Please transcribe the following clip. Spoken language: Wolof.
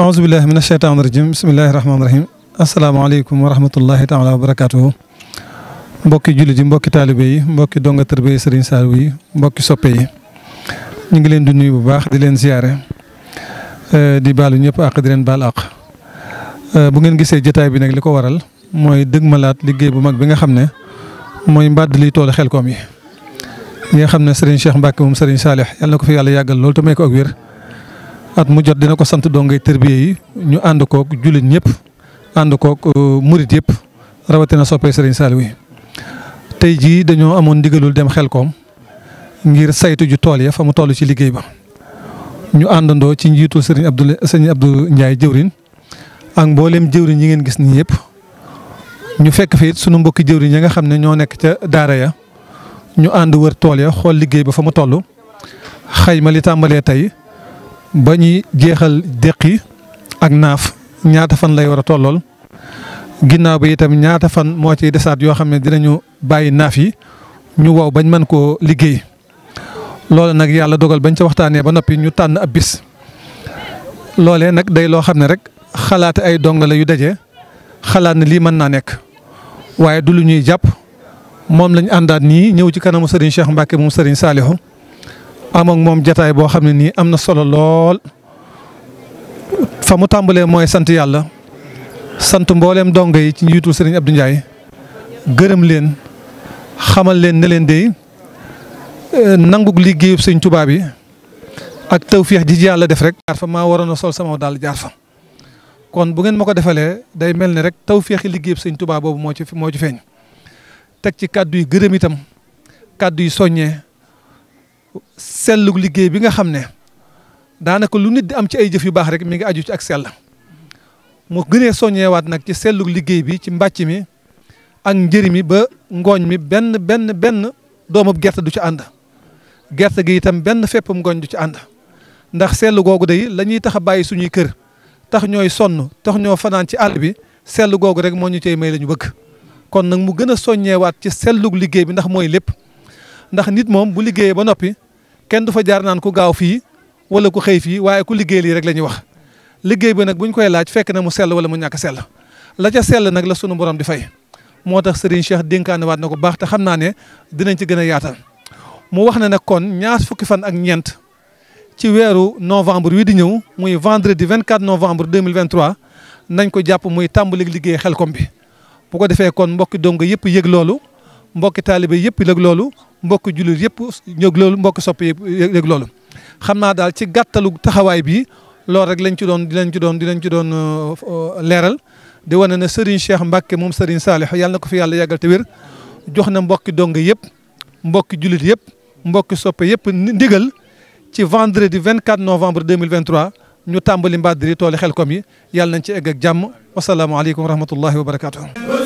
ahousubillahi min asheytaan irajim bisimillahi rahmanirahim asalaamaaleykum wa rahmatullahi taala wa barakatuhu mbokki jullit yi mbokki taalibe yi mbokki donga tërbe yi sëriñ Saliou yi mbokki soppe yi ñu ngi leen di nuyu bu baax di leen ziyaare eh, di baalu ñëpp àq di leen baal àq eh, bu ngeen gisee jotaay bi nag li ko waral mooy dëgmalaat liggéey bu mag bi nga xam ne mooy mbàdd liy toolu Xelkom yi ñi nga xam ne sëriñ Cheikh Mbacke moom sëriñ Saliou yàlla fi yàlla yàggal loolu te may at mu jot dina ko sant dongay tërbiye yi ñu ànd kook jullit ñëpp ànd kook euh, murit yëpp rawatina soppee Serigne Saliou yi tey jii dañoo amoon ndigalul dem xel koom ngir saytu ju tool ya fa mu toll ci liggéey ba ñu àndandoo ci njiitu Serigne Abdoulaye Serigne Abdou Ndiaye jëwriñ ak mboolem jëwriñ yi ngeen gis nii yëpp ñu fekk fi sunu mbokki jëwriñ ya nga xam ne ñoo nekk ca daara ya ñu ànd wër tool ya xool liggéey ba fa mu toll xayma li tàmbalee tey ba ñuy jeexal déqi ak naaf ñaata fan lay war a tollool ginnaaw bi itam ñaata fan moo ciy desaat yoo xam ne dinañu bàyyi naaf yi ñu wow bañ mën koo liggéey loole nag yàlla dogal bañ ca waxtaanee ba noppi ñu tànn ab bis loole nag day loo xam ne rek xalaat ay donga la yu daje xalaat na lii mën naa nekk waaye du lu ñuy jàpp moom lañ àndaat nii ñëw ci kanamu Serigne Cheikh Mbacke moom Serigne Saliou am moom jataay boo xam ne nii am na solo lool fa mu tàmbalee mooy sant yàlla sant mbooleem dongo yi ci njiitu sëriñ Abdou Ndiaye gërëm leen xamal leen ne leen dey eh, nangug liggéeyub sëñ tubaab yi ak taw tawféex ji yàlla def rek. jaar fa maa waroon a sol sama daal jaar fa kon bu ngeen ma ko defalee day mel ni rek tawféexi liggéeyub sëñ Tuubaa boobu moo ci moo ci feeñ teg ci kàddu yi gërëm itam kàddu yi soññee. sellug liggéey bi nga xam ne daanaka lu nit di am ci ay jëf yu baax rek mi ngi aju ci ak sell mu gënee soññeewaat nag ci sellug liggéey bi ci mbàcc mi ak njëri mi ba ngooñ mi benn benn benn doomab gerte du ci ànd gerte gi benn feppam ngooñ du ci ànd ndax sellu googu day la ñuy tax a bàyyi suñuy kër tax ñooy sonn tax ñoo fanaan ci àll bi sellu googu rek moo ñu cey may lañu bëgg kon nag mu gën a soññeewaat ci sellug liggéey bi ndax mooy lépp ndax nit moom bu liggéeyee ba noppi kenn du fa jaar naan ku gaaw fii wala ku xëy fii waaye ku liggéey lii rek la ñuy wax liggéey bi nag bu ñu koy laaj fekk na mu sell wala mu ñàkk sell la ca sell nag la sunu borom di fay moo tax Serigne Cheikh dénkaane waat na ko baax te xam naa ne dinañ ci gën a yaata mu wax ne nag kon ñaar fukki fan ak ñeent ci weeru novembre wi di ñëw muy vendredi 24 novembre 2023 nañ ko jàpp muy tàmbali liggéey xel xelkom bi bu ko defee kon mbokki dongo yëpp yëg loolu mbokki taalibe yëpp yëg loolu mbokk jullit yëpp ñëg loolu mbokk sopp yëpp yëg loolu xam naa daal ci gàttalu taxawaay bi loolu rek lañ ci doon di lañ ci doon di lañ ci doon euh, euh, leeral di wane ne Serigne Cheikh Mbacke moom Serigne Salih yàlla na ko fi yàlla yàggal te wér jox na mbokki dong yëpp mbokki jullit yëpp mbokki soppe yëpp ndigal ci vendredi 24 novembre 2023 ñu tàmbali mbàddiri tooli xel kom yi yàlla nañ ci egg ak jàmm wasalaamualeykum wa rahmatullahi wa barakatuh